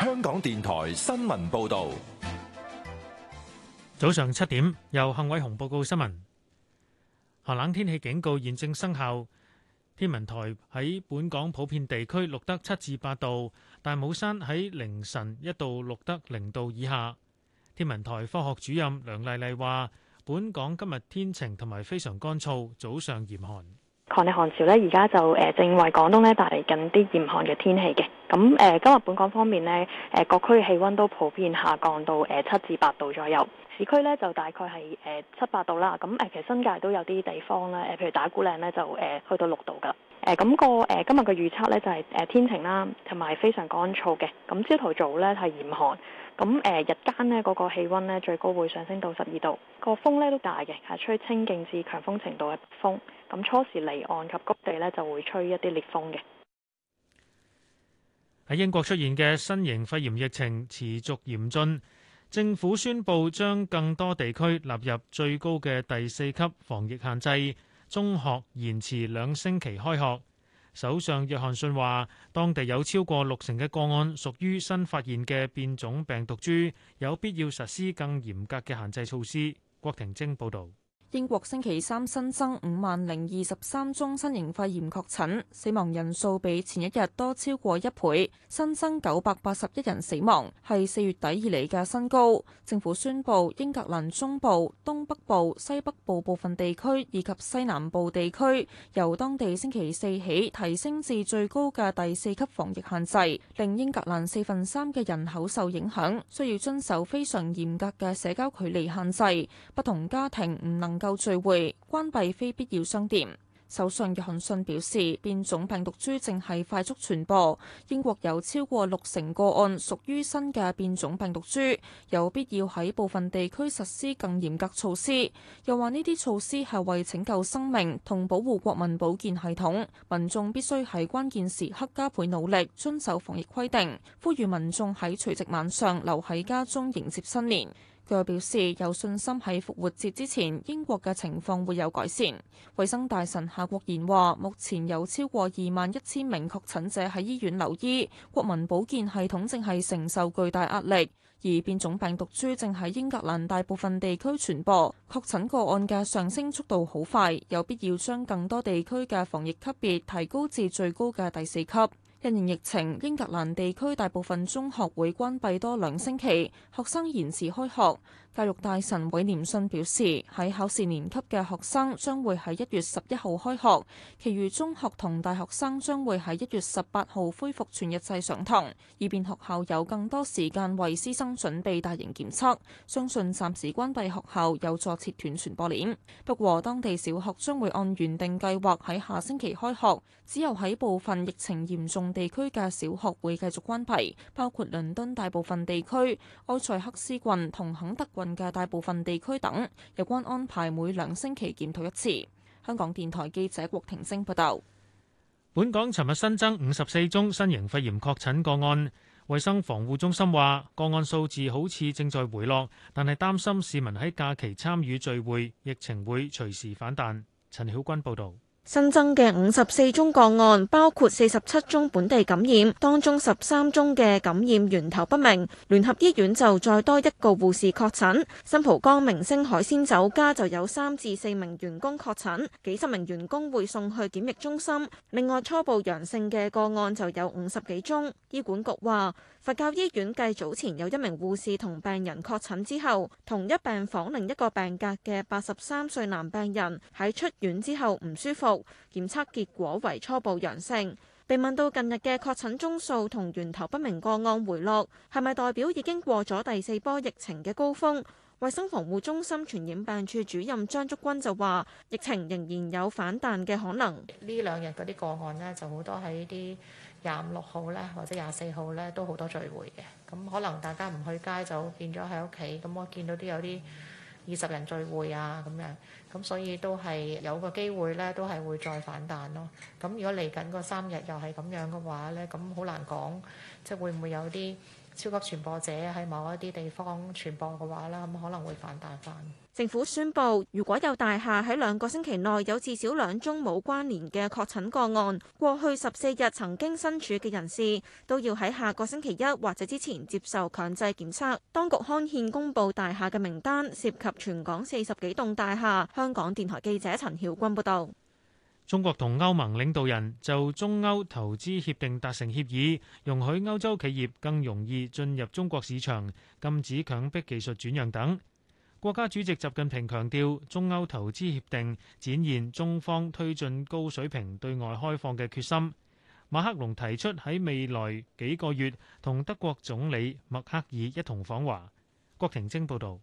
香港電台新聞報道，早上七點由幸偉雄報告新聞。寒冷天氣警告現正生效。天文台喺本港普遍地區錄得七至八度，大帽山喺凌晨一度錄得零度以下。天文台科學主任梁麗麗話，本港今日天晴同埋非常乾燥，早上嚴寒。抗逆寒潮咧，而家就誒、呃、正為廣東咧帶嚟緊啲嚴寒嘅天氣嘅。咁誒，今日本港方面咧，誒各區嘅氣温都普遍下降到誒七至八度左右。市區咧就大概係誒七八度啦。咁誒，其實新界都有啲地方咧，誒譬如打鼓嶺咧就誒去到六度噶。誒咁個誒今日嘅預測呢，就係誒天晴啦，同埋非常乾燥嘅。咁朝頭早呢，係嚴寒，咁誒日間呢，嗰個氣温呢，最高會上升到十二度。個風呢，都大嘅，係吹清勁至強風程度嘅風。咁初時離岸及高地呢，就會吹一啲烈風嘅。喺英國出現嘅新型肺炎疫情持續嚴峻，政府宣布將更多地區納入最高嘅第四級防疫限制，中學延遲兩星期開學。首相約翰遜話，當地有超過六成嘅個案屬於新發現嘅變種病毒株，有必要實施更嚴格嘅限制措施。郭婷晶報道。英國星期三新增五萬零二十三宗新型肺炎確診，死亡人數比前一日多超過一倍，新增九百八十一人死亡，係四月底以嚟嘅新高。政府宣布，英格蘭中部、東北部、西北部部分地區以及西南部地區，由當地星期四起提升至最高嘅第四級防疫限制，令英格蘭四分三嘅人口受影響，需要遵守非常嚴格嘅社交距離限制，不同家庭唔能夠聚會，關閉非必要商店。首相約翰遜表示，變種病毒株正係快速傳播，英國有超過六成個案屬於新嘅變種病毒株，有必要喺部分地區實施更嚴格措施。又話呢啲措施係為拯救生命同保護國民保健系統，民眾必須喺關鍵時刻加倍努力，遵守防疫規定。呼籲民眾喺除夕晚上留喺家中迎接新年。佢表示有信心喺復活節之前，英國嘅情況會有改善。衛生大臣夏國賢話，目前有超過二萬一千名確診者喺醫院留醫，國民保健系統正係承受巨大壓力。而變種病毒株正喺英格蘭大部分地區傳播，確診個案嘅上升速度好快，有必要將更多地區嘅防疫級別提高至最高嘅第四級。因應疫情，英格蘭地區大部分中學會關閉多兩星期，學生延遲開學。教育大，大臣韋廉信表示，喺考試年級嘅學生將會喺一月十一號開學，其餘中學同大學生將會喺一月十八號恢復全日制上堂，以便學校有更多時間為師生準備大型檢測。相信暫時關閉學校有助切斷傳播鏈。不過，當地小學將會按原定計劃喺下星期開學，只有喺部分疫情嚴重地區嘅小學會繼續關閉，包括倫敦大部分地區、埃塞克斯郡同肯特郡。嘅大部分地區等，有關安排每兩星期檢討一次。香港電台記者郭婷晶報道。本港尋日新增五十四宗新型肺炎確診個案，衛生防護中心話個案數字好似正在回落，但係擔心市民喺假期參與聚會，疫情會隨時反彈，陳曉君報道。新增嘅五十四宗個案，包括四十七宗本地感染，當中十三宗嘅感染源頭不明。聯合醫院就再多一個護士確診，新蒲江明星海鮮酒家就有三至四名員工確診，幾十名員工會送去檢疫中心。另外，初步陽性嘅個案就有五十幾宗。醫管局話，佛教醫院繼早前有一名護士同病人確診之後，同一病房另一個病格嘅八十三歲男病人喺出院之後唔舒服。檢測結果為初步陽性。被問到近日嘅確診宗數同源頭不明個案回落，係咪代表已經過咗第四波疫情嘅高峰？衛生防護中心傳染病處主任張竹君就話，疫情仍然有反彈嘅可能。呢兩日嗰啲個案呢，就好多喺啲廿五六號呢，或者廿四號呢，都好多聚會嘅，咁可能大家唔去街就變咗喺屋企，咁我見到啲有啲。二十人聚會啊咁樣，咁所以都係有個機會咧，都係會再反彈咯。咁如果嚟緊個三日又係咁樣嘅話咧，咁好難講，即係會唔會有啲超級傳播者喺某一啲地方傳播嘅話啦？咁可能會反彈翻。政府宣布，如果有大廈喺兩個星期內有至少兩宗冇關聯嘅確診個案，過去十四日曾經身處嘅人士都要喺下個星期一或者之前接受強制檢測，當局刊憲公布大廈嘅名單涉及全港四十幾棟大廈，香港電台記者陳曉君報道。中國同歐盟領導人就中歐投資協定達成協議，容許歐洲企業更容易進入中國市場，禁止強迫技術轉讓等。國家主席習近平強調，中歐投資協定展現中方推進高水平對外開放嘅決心。馬克龍提出喺未來幾個月同德國總理默克爾一同訪華。郭婷晶報導。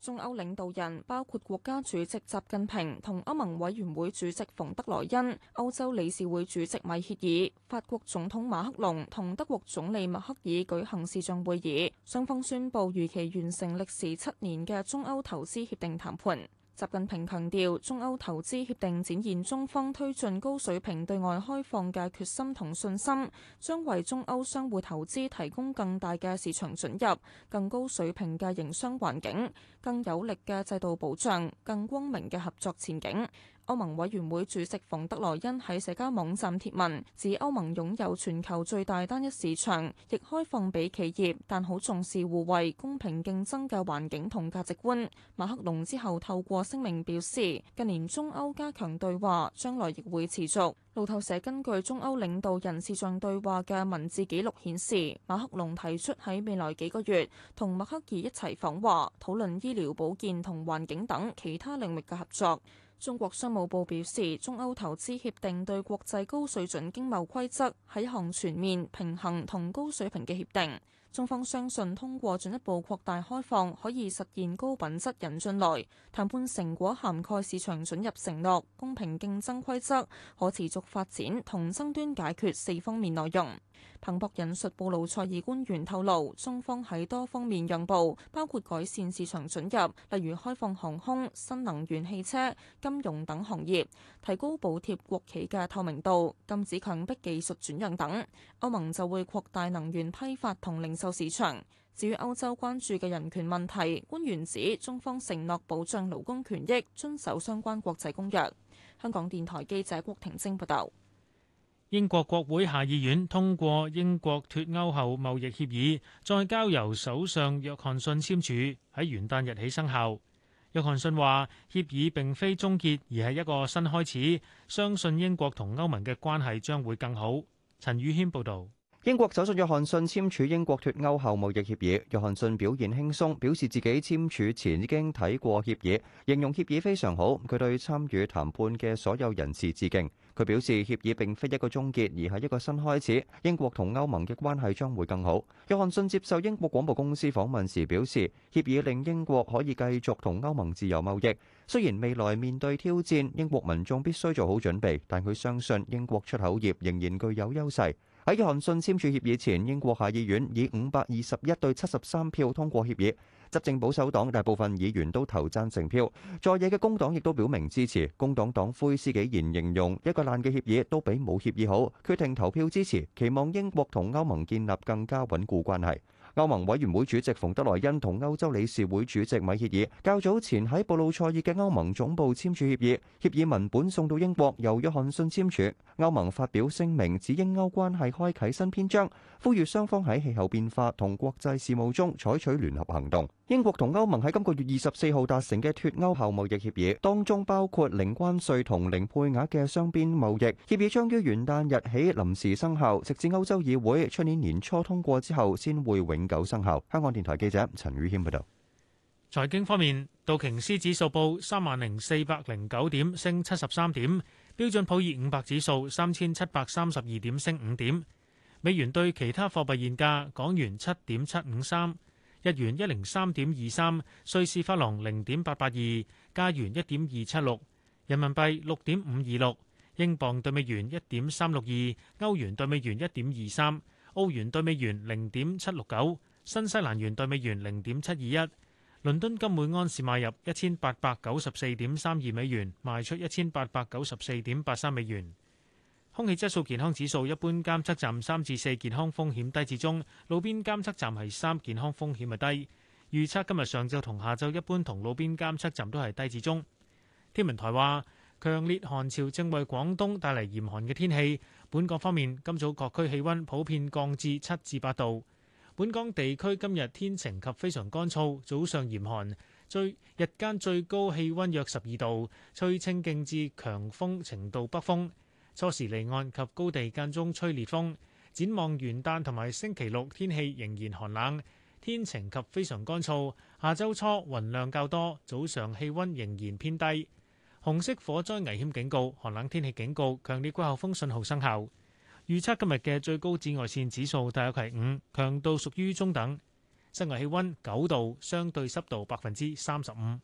中歐領導人包括國家主席習近平同歐盟委員會主席馮德萊恩、歐洲理事會主席米歇爾、法國總統馬克龍同德國總理默克爾舉行視像會議，雙方宣布如期完成歷時七年嘅中歐投資協定談判。習近平強調，中歐投資協定展現中方推進高水平對外開放嘅決心同信心，將為中歐相互投資提供更大嘅市場准入、更高水平嘅營商環境、更有力嘅制度保障、更光明嘅合作前景。歐盟委員會主席馮德萊恩喺社交網站貼文，指歐盟擁有全球最大單一市場，亦開放俾企業，但好重視互惠、公平競爭嘅環境同價值觀。馬克龍之後透過聲明表示，近年中歐加強對話，將來亦會持續。路透社根據中歐領導人視像對話嘅文字紀錄顯示，馬克龍提出喺未來幾個月同默克爾一齊訪華，討論醫療保健同環境等其他領域嘅合作。中國商務部表示，中歐投資協定對國際高水準經貿規則係一項全面、平衡同高水平嘅協定。中方相信，通過進一步擴大開放，可以實現高品質引進來。談判成果涵蓋市場准入承諾、公平競爭規則、可持續發展同爭端解決四方面內容。彭博引述布魯塞爾官員透露，中方喺多方面讓步，包括改善市場准入，例如開放航空、新能源汽車、金融等行業，提高補貼國企嘅透明度，禁止強迫技術轉讓等。歐盟就會擴大能源批發同零售市場。至於歐洲關注嘅人權問題，官員指中方承諾保障勞工權益，遵守相關國際公約。香港電台記者郭婷晶報道。英國國會下議院通過英國脫歐後貿易協議，再交由首相約翰遜簽署，喺元旦日起生效。約翰遜話：協議並非終結，而係一個新開始，相信英國同歐盟嘅關係將會更好。陳宇軒報導。英國首相約翰遜簽署英國脱歐後貿易協議，約翰遜表現輕鬆，表示自己簽署前已經睇過協議，形容協議非常好。佢對參與談判嘅所有人士致敬。佢表示協議並非一個終結，而係一個新開始。英國同歐盟嘅關係將會更好。約翰遜接受英國廣播公司訪問時表示，協議令英國可以繼續同歐盟自由貿易。雖然未來面對挑戰，英國民眾必須做好準備，但佢相信英國出口業仍然具有優勢。喺約翰遜簽署協議前，英國下議院以五百二十一對七十三票通過協議。執政保守黨大部分議員都投贊成票，在野嘅工黨亦都表明支持。工黨黨魁施紀賢形容一個爛嘅協議都比冇協議好，決定投票支持，期望英國同歐盟建立更加穩固關係。歐盟委員會主席馮德萊恩同歐洲理事會主席米歇爾較早前喺布魯塞爾嘅歐盟總部簽署協議，協議文本送到英國由約翰遜簽署。歐盟發表聲明，指英歐關係開啟新篇章，呼籲雙方喺氣候變化同國際事務中採取聯合行動。英國同歐盟喺今個月二十四號達成嘅脫歐後貿易協議，當中包括零關稅同零配額嘅雙邊貿易協議，將於元旦日起臨時生效，直至歐洲議會出年年初通過之後，先會永久生效。香港電台記者陳宇謙報道。財經方面，道瓊斯指數報三萬零四百零九點，升七十三點；標準普爾五百指數三千七百三十二點，升五點。美元兌其他貨幣現價，港元七點七五三。日元一零三點二三，瑞士法郎零點八八二，加元一點二七六，人民幣六點五二六，英鎊兌美元一點三六二，歐元兌美元一點二三，澳元兌美元零點七六九，新西蘭元兌美元零點七二一。倫敦金每安士買入一千八百九十四點三二美元，賣出一千八百九十四點八三美元。空氣質素健康指數一般監測站三至四，健康風險低至中；路邊監測站係三，健康風險係低。預測今日上晝同下晝一般同路邊監測站都係低至中。天文台話，強烈寒潮正為廣東帶嚟嚴寒嘅天氣。本港方面，今早各區氣溫普遍降至七至八度。本港地區今日天晴及非常乾燥，早上嚴寒，最日間最高氣溫約十二度，吹清勁至強風程度北風。初時離岸及高地間中吹烈風。展望元旦同埋星期六，天氣仍然寒冷，天晴及非常乾燥。下周初雲量較多，早上氣溫仍然偏低。紅色火災危險警告、寒冷天氣警告、強烈季候風信號生效。預測今日嘅最高紫外線指數大約係五，強度屬於中等。室外氣溫九度，相對濕度百分之三十五。